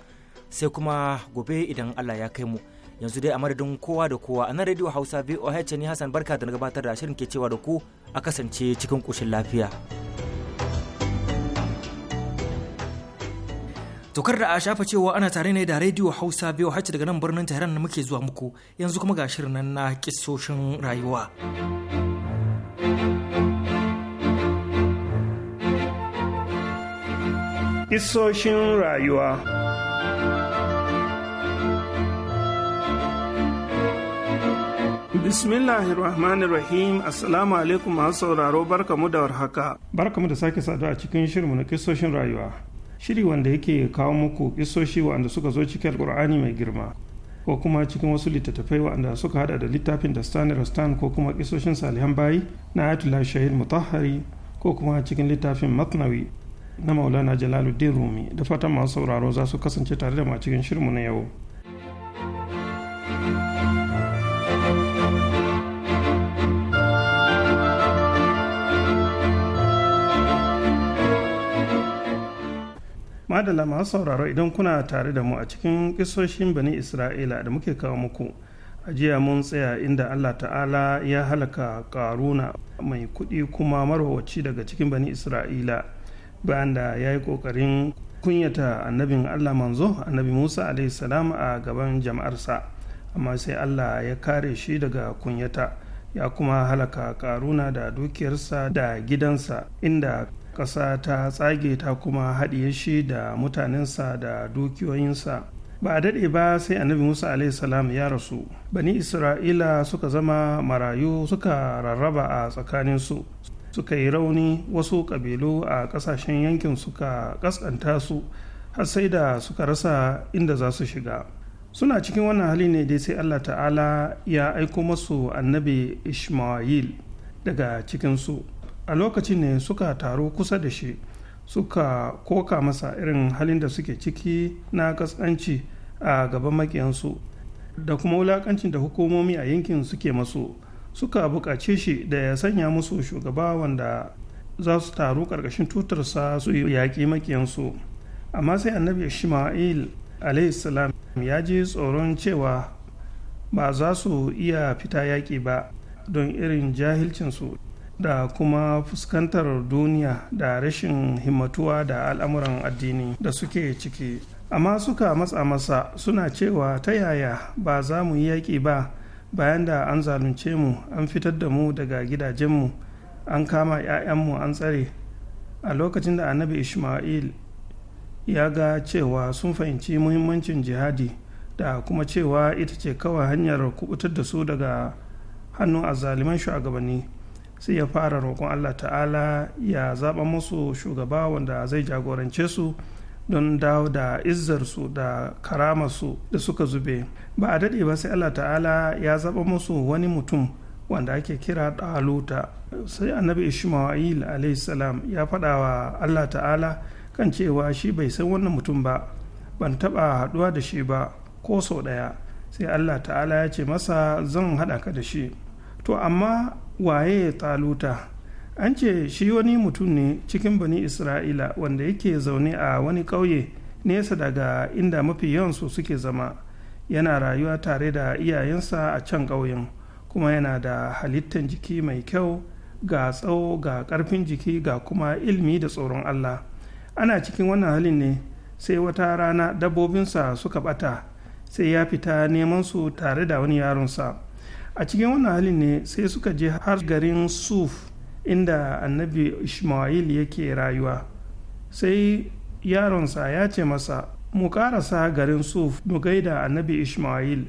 sai kuma gobe idan Allah ya kai mu yanzu dai a madadin kowa da kowa a nan radio hausa voh ne hassan barka da gabatar da shirin ke cewa da ku a kasance cikin kushin lafiya tokar da a shafa cewa ana tare ne da radio hausa voh daga nan birnin tehran da muke zuwa muku yanzu kuma ga shirin nan na kisoshin rayuwa Isoshin rayuwa Bismillahir Rahmanir Rahim Assalamu alaikum masu sauraro barkamu da warhaka. Barkamu da sake saduwa a cikin shirinmu na kisoshin rayuwa. Shiri wanda yake kawo muku kisoshi wanda suka zo cikin Alkur'ani mai girma. ko kuma cikin wasu littattafai wanda suka hada da littafin da stan ko kuma kisoshin salihan bayi na ayatollah shahid mutahari ko kuma cikin littafin matnawi na maulana jalaluddin rumi da fatan masu sauraro za su kasance tare da cikin shirmu na yau Madala masu sauraro idan kuna tare da mu a cikin kisoshin bani isra'ila da muke kawo muku a jiya mun tsaya inda allah ta'ala ya halaka karuna mai kuɗi kuma marwaci daga cikin bani isra'ila bayan da ya yi ƙoƙarin kunyata annabin allah manzo annabi musa salam a gaban jama'arsa amma sai allah ya kare shi daga kunyata ya kuma halaka karuna da dukiyarsa da gidansa inda ƙasa ta tsage ta kuma haɗiye shi da mutanensa da dukiyoyinsa ba a daɗe ba sai annabi musa salam ya rasu bani isra'ila suka zama marayu suka rarraba a tsakaninsu suka yi rauni wasu ƙabilu a ƙasashen yankin suka ƙasƙanta su har sai da suka rasa inda za su shiga suna cikin wannan hali ne dai sai allah ta'ala ya aiko masu annabi ishmael daga cikinsu a lokacin ne suka taru kusa da shi suka koka masa irin halin da suke ciki na kaskanci a gaban makiyansu da kuma wulakancin da hukumomi a yankin suke masu suka buƙace shi da ya sanya musu shugaba wanda za su taru ƙarƙashin tutarsa su yi yaƙi makiyansu amma sai annabi ishma'il alaihissalam ya ji tsoron cewa ba za su iya fita yaƙi ba don irin jahilcinsu da kuma fuskantar duniya da rashin himmatuwa da al'amuran addini da suke ciki amma suka matsa masa suna cewa ta yaya ba za mu yi yaƙi ba bayan da an zalunce mu an fitar da mu daga gidajenmu an kama 'ya'yanmu an tsare a lokacin da annabi Isma'il ya ga cewa sun fahimci muhimmancin jihadi da kuma cewa ita ce kawai hanyar kubutar da su daga hannun azaliman shugabanni sai ya fara roƙon allah ta'ala ya zaɓa musu shugaba wanda zai jagorance su don dawo da izzarsu da karamarsu da suka zube ba a daɗe ba sai allah ta'ala ya zaba musu wani mutum wanda ake kira ɗaluta sai annabi ishmael alayhi salam ya faɗa wa allah ta'ala kan cewa shi bai san wannan mutum ba ban taɓa haɗuwa da shi ba ko sau ɗaya sai allah ta'ala ya ce masa zan haɗa ka da shi to amma waye ɗaluta an ce shi wani mutum ne cikin bani isra'ila wanda yake zaune a wani ƙauye nesa daga inda mafi yawansu suke zama yana rayuwa tare da iyayensa a can ƙauyen kuma yana da halittar jiki mai kyau ga tsawo ga ƙarfin jiki ga kuma ilmi da tsoron allah ana cikin wannan halin ne sai wata rana dabbobinsa suka ɓata sai ya fita neman su tare da wani yaronsa a cikin wannan halin ne sai suka je har garin suf inda annabi ishmael yake rayuwa sai yaronsa ya ce masa mu karasa garin suf mu gaida annabi ishmael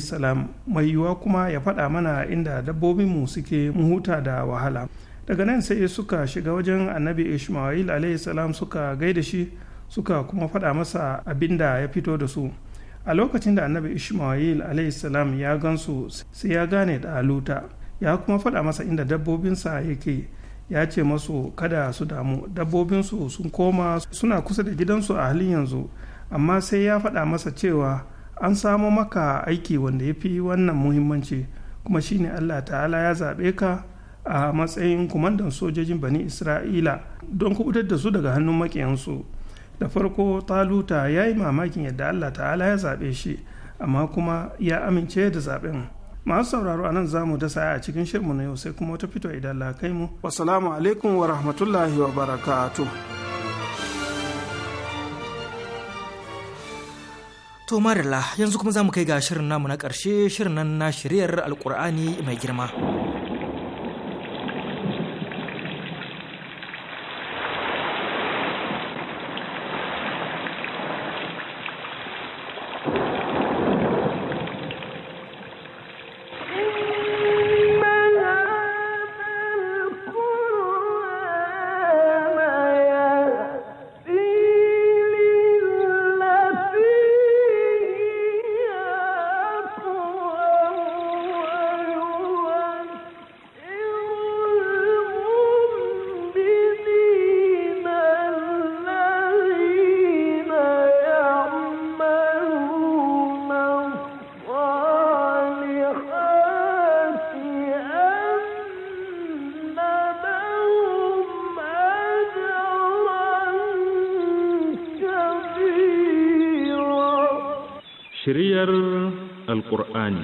salam mai yiwuwa kuma ya faɗa mana inda dabbobinmu suke mu huta da wahala daga nan sai suka shiga wajen annabi ishmael salam suka gaida shi suka kuma faɗa masa abin da ya fito da su a lokacin da annabi ishmael salam ya gansu sai ya gane da luta ya kuma faɗa masa inda dabbobinsa yake ya ce masu kada su damu dabbobinsu sun koma suna kusa da gidansu a halin yanzu amma sai ya faɗa masa cewa an samo maka aiki wanda ya fi wannan muhimmanci kuma shine allah ta'ala ya zaɓe ka a matsayin kumandan sojojin bani isra'ila don kubutar da su daga hannun makiyansu da farko taluta ya yi mamakin yadda allah ta'ala ya zaɓe shi amma kuma ya amince da zaɓen masu sauraro a nan za mu dasa a cikin shirmu na yau sai kuma wata fito idan la kai mu wasalamu alaikum wa rahmatullahi wa barakatuh To marilla yanzu kuma za mu kai ga shirin namu na ƙarshe shirin nan na shiryar alkur'ani mai girma. shiriyar alkur'ani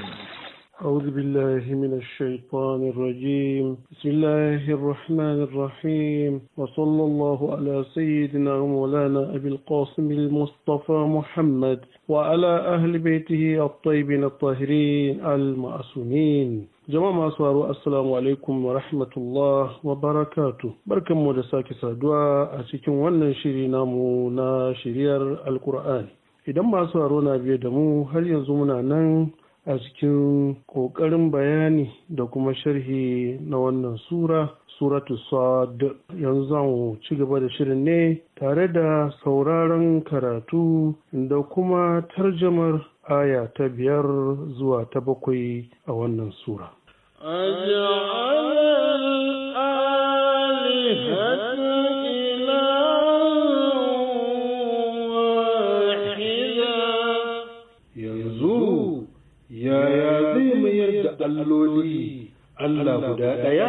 أعوذ بالله من الشيطان الرجيم بسم الله الرحمن الرحيم وصلى الله على سيدنا مولانا أبي القاسم المصطفى محمد وعلى أهل بيته الطيبين الطاهرين المعصومين masu waro assalamu alaikum wa wa barakatu barkanmu da sake saduwa a cikin wannan shiri namu na idan masu haro na biyu da mu har yanzu muna nan a cikin ƙoƙarin bayani da kuma sharhi na wannan sura suratu sad yanzu zan ci gaba da shirin ne tare da sauraron karatu da kuma tarjamar aya ta biyar zuwa ta bakwai a wannan sura. Allah guda ɗaya?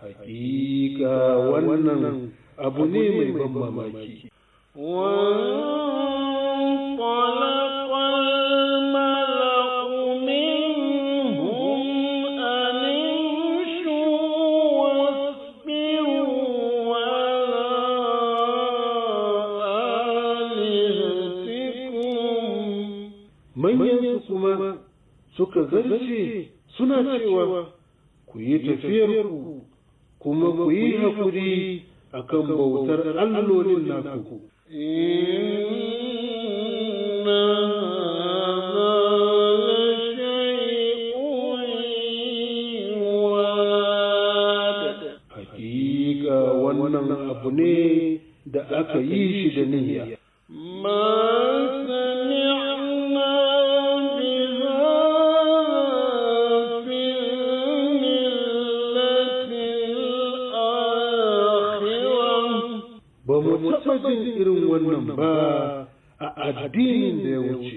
Hakika wannan abu ne mai ban mamaki. suka zarce suna cewa ku yi tafiyarku kuma ku yi haƙuri kan bautar allolin naku. Hakika wannan abu ne da aka yi shi da niyya. taɓa jin irin wannan ba a addinin da ya wuce.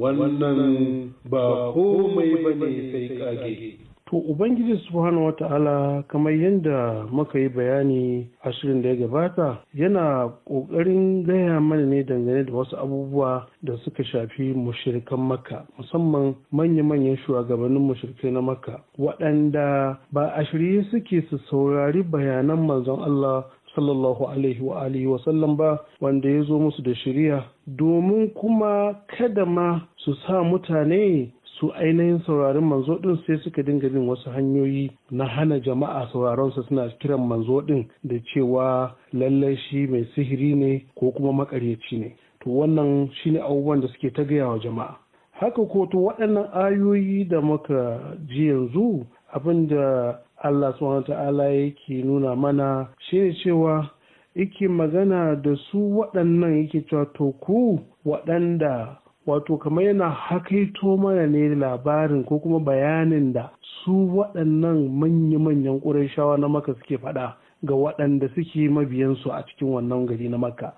Wannan ba komai ba ne sai kage. To Ubangiji Subhanahu wata'ala kamar yadda muka yi bayani a shirin da ya gabata yana ƙoƙarin gaya mana ne dangane da wasu abubuwa da suka shafi mushirikan maka musamman manya-manyan shugabannin mushirikai na maka waɗanda ba a shirye suke su saurari bayanan manzon Allah sallallahu alaihi wa alihi wa sallam ba wanda ya zo musu da shirya, domin kuma kada ma su sa mutane su ainihin saurarin manzo din sai suka dinga bin wasu hanyoyi na hana jama'a sauraron sa suna kiran manzo din da cewa lallai shi mai sihiri ne ko kuma makaryaci ne to wannan shine abubuwan da suke ta gaya wa jama'a haka ko to waɗannan ayoyi da muka ji yanzu abin da Allah subhanahu ta'ala yake nuna mana shine cewa yake magana da su waɗannan yake cewa to ku waɗanda wato kamar yana hakaito mana ne labarin ko kuma bayanin da su waɗannan manya-manyan ƙurashawa na maka suke faɗa ga waɗanda suke mabiyansu a cikin wannan gari na makka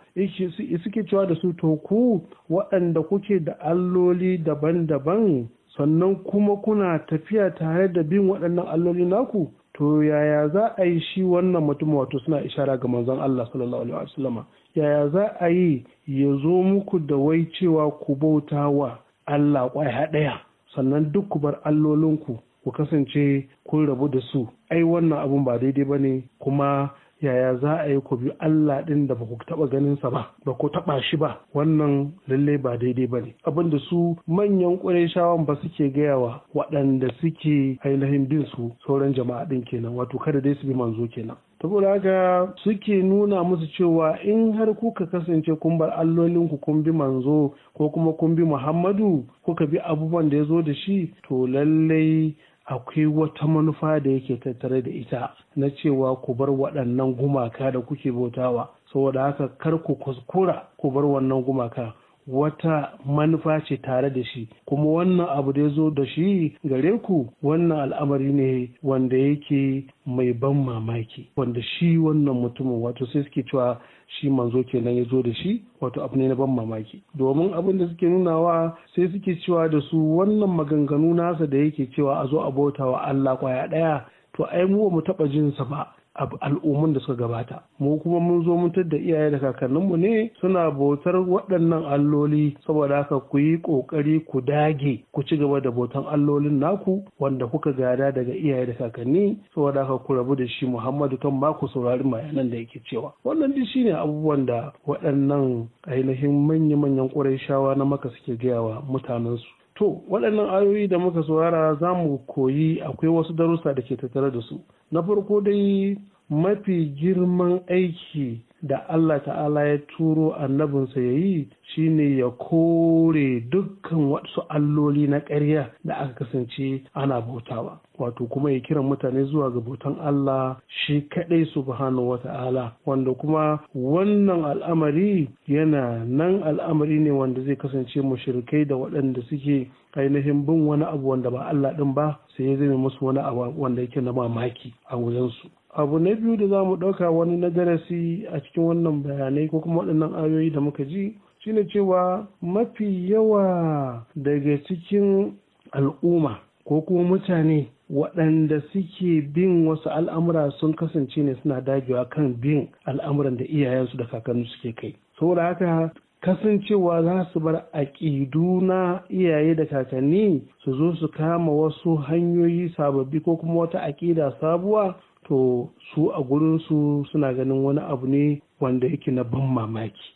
suke cewa da su to ku waɗanda kuke da alloli daban-daban sannan kuma kuna tafiya tare da bin waɗannan alloli naku to yaya za a yi shi wannan mutum wato suna ishara ga manzon Allah sallallahu alaihi wasallama yaya za a yi ya zo muku da wai cewa ku bauta wa Allah ƙwaya ɗaya sannan duk ku bar allolinku ku kasance kun rabu da su ai wannan abun ba daidai ba ne kuma yaya za a yi ku bi Allah ɗin da ba ku taɓa ganinsa ba ba ku taɓa shi ba wannan lalle ba daidai ba ne abin da su manyan ƙurayshawan ba suke gayawa waɗanda suke ainihin bin su sauran jama'a ɗin kenan wato kada dai su bi manzo kenan saboda haka suke nuna musu cewa in har kuka kasance kun bar allolinku kun bi manzo ko kuma kun bi muhammadu kuka bi abubuwan da ya zo da shi to lallai akwai wata manufa da yake tattare da ita na cewa ku bar waɗannan gumaka da kuke bautawa saboda haka kar ku kuskura ku bar wannan gumaka wata manufa ce tare da shi kuma wannan abu da ya zo da shi gare ku wannan al'amari ne wanda yake mai ban mamaki wanda shi wannan mutumin wato sai suke cewa shi manzo kenan ya zo da shi wato abu ne na ban mamaki domin abin da suke nunawa sai suke cewa da su wannan maganganu nasa da yake cewa a zo a bauta wa Allah kwaya ɗaya to ai mu ba mu taɓa jinsa ba al'ummun da suka gabata mu kuma mun zo mun da iyaye da kakanninmu ne suna bautar waɗannan alloli saboda haka ku yi ƙoƙari ku dage ku ci gaba da bautan allolin naku wanda kuka gada daga iyaye da kakanni saboda haka ku rabu da shi Muhammadu kan ma ku saurari mayanan da yake cewa wannan duk shine abubuwan da waɗannan ainihin manya-manyan ƙurai shawa na maka suke gaya wa mutanensu To, waɗannan ayoyi da muka saurara za mu koyi akwai wasu darussa da ke tattare da su. Na farko dai mafi girman aiki da Allah ta'ala ya turo annabinsa ya yi shi ne ya kore dukkan wasu alloli na ƙarya da aka kasance ana bautawa. wato kuma ya kiran mutane zuwa ga bautan Allah shi kaɗai subhanahu ta'ala, wanda kuma wannan al'amari yana nan al'amari ne wanda zai kasance mushrikai da waɗanda suke ainihin bin wani abu wanda ba Allah ɗin ba sai ya zame musu wani abu wanda yake na mamaki a wajensu. abu na biyu da za mu ɗauka wani na darasi a cikin wannan bayanai ko kuma waɗannan ayoyi da muka ji shine cewa mafi yawa daga cikin al'umma ko kuma mutane waɗanda suke bin wasu al'amura sun kasance ne suna dagewa kan bin al'amuran da iyayensu da kakanni suke kai saboda haka kasancewa za su bar aƙidu na iyaye da kakanni su zo su kama wasu hanyoyi sababbi ko kuma wata aƙida sabuwa to su a gurinsu suna ganin wani abu ne wanda yake na ban mamaki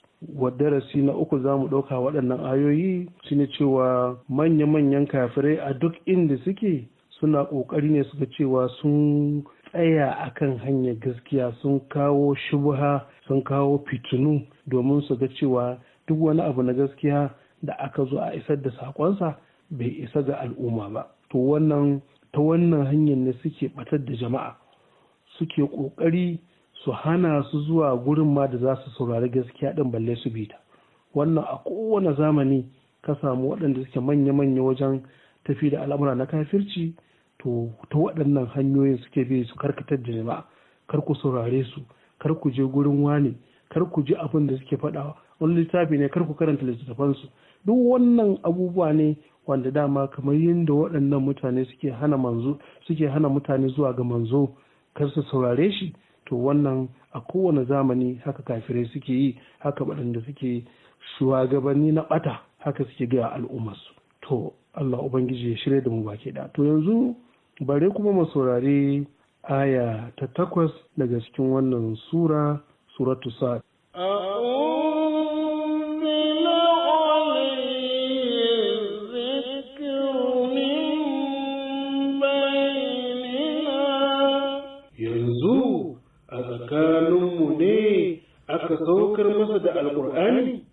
darasi na uku za mu ɗauka waɗannan ayoyi shine cewa manya-manyan kafirai a duk inda suke suna ƙoƙari ne suka cewa sun tsaya a kan hanyar gaskiya sun kawo shubha sun kawo fitinu domin su ga cewa duk wani abu na gaskiya da aka zo a isar da sakonsa bai isa ga al'umma ba to wannan ta wannan hanyar ne suke batar da jama'a suke ƙoƙari su hana su zuwa gurin ma da za su saurari gaskiya ɗin balle su bi ta wannan a kowane zamani ka samu waɗanda suke manya-manya wajen tafi da al'amura na kafirci to ta waɗannan hanyoyin suke bi su karkatar da jama'a kar ku saurare su kar ku je gurin wani kar ku ji abin da suke faɗawa wani littafi ne kar ku karanta littattafansu duk wannan abubuwa ne wanda dama kamar yadda waɗannan mutane suke hana manzo suke hana mutane zuwa ga manzo kar su saurare shi to wannan a kowane zamani haka kafirai suke yi haka waɗanda suke shugabanni na ɓata haka suke gaya al'ummarsu to Allah Ubangiji ya shirya da mu baki da to yanzu bare kuma mu saurari aya ta takwas daga cikin wannan sura suratu sa'ad yanzu a tsakaninmu ne aka saukar masa da alkur'ani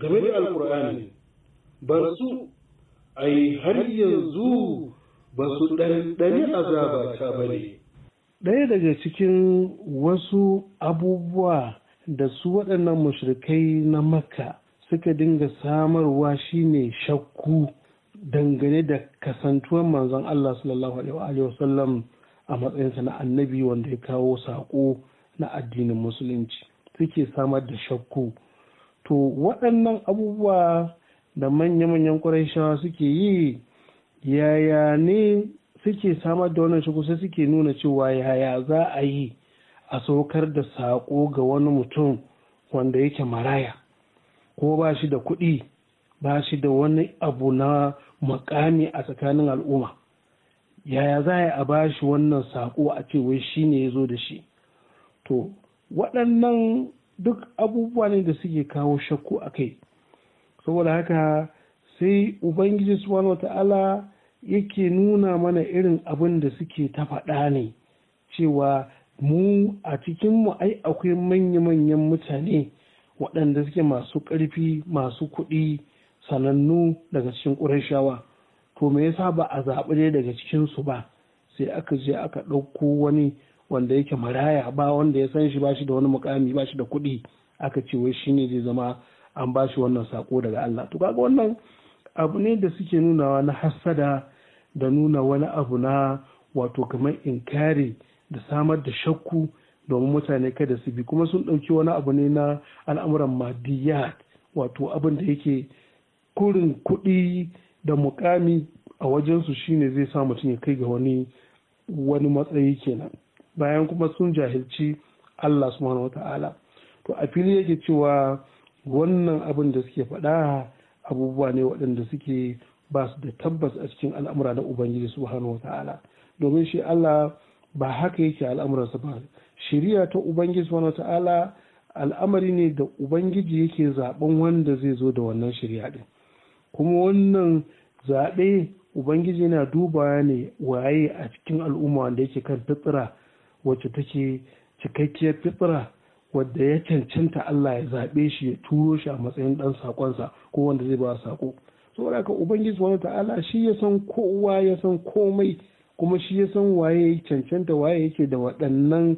game da alkur'ani bar su ai har yanzu ba su ɗanɗani azaba ta ba ne ɗaya daga cikin wasu abubuwa da su waɗannan mushrikai na makka suka dinga samarwa shine shakku dangane da kasantuwar manzon Allah sallallahu alaihi wasallam a matsayinsa na annabi wanda ya kawo saƙo na addinin musulunci suke samar da shakku to waɗannan abubuwa da manya-manyan ƙwarai suke yi yaya ne suke samar da wannan shigo sai suke nuna cewa yaya za a yi a saukar da saƙo ga wani mutum wanda yake maraya ko ba shi da kuɗi ba shi da wani abu na makami a tsakanin al'umma yaya za a ba shi wannan saƙo a cewa wai shi ne ya zo da shi to waɗannan duk abubuwa ne da suke kawo shakku a kai saboda haka sai ubangiji subhanahu wata'ala yake nuna mana irin abin da suke ta faɗa ne cewa mu a cikinmu ai akwai manya-manyan mutane waɗanda suke masu ƙarfi masu kuɗi sanannu daga cikin ƙurashawa to me yasa ba a zaɓi daga cikinsu ba sai aka je aka ɗauko wani wanda yake maraya ba wanda ya san shi ba shi da wani mukami ba shi da kuɗi aka ce wai shine zai zama an ba shi wannan sako daga Allah to kaga wannan abu ne da suke nunawa na hassada da nuna wani abu na wato kamar inkari da samar da shakku domin mutane kada su bi kuma sun ɗauki wani abu ne na al'amuran madiyat wato abin da yake kurin kuɗi da mukami a wajensu shine zai sa mutum ya kai ga wani wani matsayi kenan bayan kuma sun jahilci Allah subhanahu ta'ala to a fili yake cewa wannan abin da suke faɗa abubuwa ne waɗanda suke ba su da tabbas a cikin al'amura na ubangiji subhanahu ta'ala domin shi Allah ba haka yake al'amuransa ba shiriya ta ubangiji subhanahu ta'ala al'amari ne da ubangiji yake zaben wanda zai zo da wannan shirya ɗin, kuma wannan zaɓe ubangiji yana duba ne waye a cikin al'umma wanda yake kan tattara wacce take cikakkiyar fitra wadda ya cancanta Allah ya zaɓe shi ya turo shi a matsayin ɗan saƙonsa ko wanda zai ba saƙo saboda ka ubangiji wani ta'ala shi ya san kowa ya san komai kuma shi ya san waye ya cancanta waye yake da waɗannan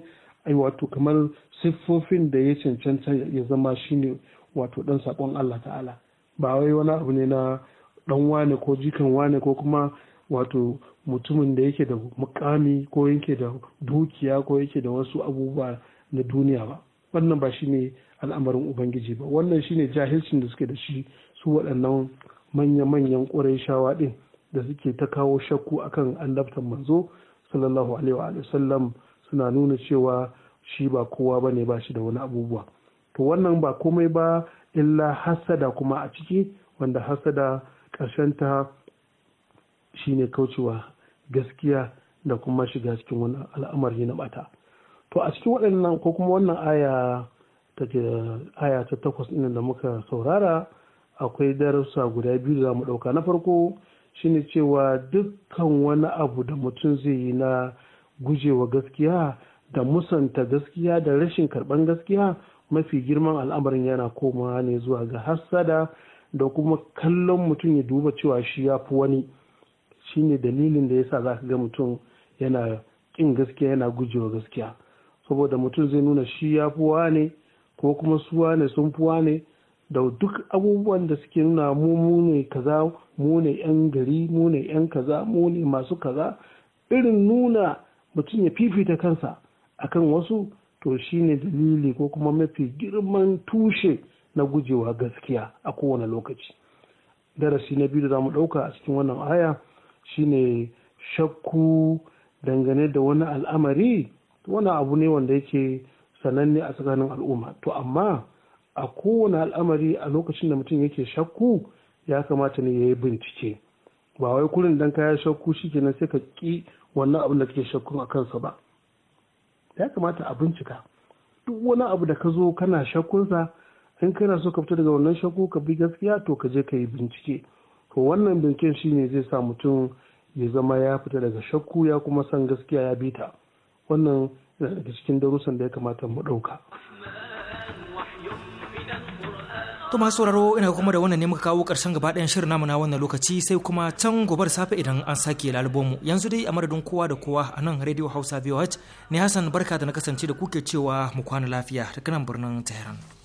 wato kamar siffofin da ya cancanta ya zama shine wato ɗan saƙon Allah ta'ala ba wai wani abu ne na ɗan wane ko jikan wane ko kuma wato mutumin da yake da mukami ko yake da dukiya ko yake da wasu abubuwa na duniya ba wannan ba shine al'amarin ubangiji ba wannan shine jahilcin da suke da shi su waɗannan manya-manyan ƙurayshawa ɗin da suke ta kawo shakku akan annabtan manzo sallallahu alaihi wa sallam suna nuna cewa shi ba kowa ba ne ba shi da wani abubuwa to wannan ba komai ba illa hasada kuma a ciki wanda hasada ƙarshenta shine kaucewa gaskiya da kuma shiga cikin wani al'amari na bata to a cikin waɗannan ko kuma wannan aya ta aya ta takwas ɗin da muka saurara akwai darussa guda biyu za mu ɗauka na farko shine cewa dukkan wani abu da mutum zai yi na gujewa gaskiya da musanta gaskiya da rashin karɓan gaskiya mafi girman al'amarin yana koma ne zuwa ga hassada da kuma kallon mutum ya duba cewa shi ya fi wani Shi ne dalilin da yasa za ka ga mutum yana ƙin gaskiya yana gujewa gaskiya saboda mutum zai nuna shi ya fuwa ne ko kuma suwa ne sun fuwa ne da duk abubuwan da suke nuna mu mu ne kaza mu ne yan gari mu ne yan kaza mu ne masu kaza irin nuna mutum ya fifita kansa akan wasu to shi ne dalili ko kuma mafi girman tushe na gujewa gaskiya a kowane lokaci darasi na biyu da za mu ɗauka a cikin wannan aya shine shakku dangane da wani al'amari wani abu ne wanda yake sananne a tsakanin al'umma to amma a kowane al'amari a lokacin da mutum yake shakku ya kamata ne ya yi bincike ba wai kurin dan kaya shakku shi shikenan sai ka ki wannan abin da kake shakku a kansa ba ya kamata a bincika duk wani abu da ka zo kana shakkunsa in kana so ka fita daga wannan shakku ka bi gaskiya to ka je ka yi bincike to wannan binciken shine zai sa mutum ya zama ya fita daga shakku ya kuma san gaskiya ya bita wannan daga cikin darussan da ya kamata mu ɗauka. To masu sauraro ina kuma da wannan ne muka kawo ƙarshen gaba ɗayan shirin namu na wannan lokaci sai kuma can gobar safe idan an sake mu yanzu dai a madadin kowa da kowa a nan Radio Hausa VOH ne Hassan barka da na kasance da kuke cewa mu kwana lafiya daga nan birnin Tehran.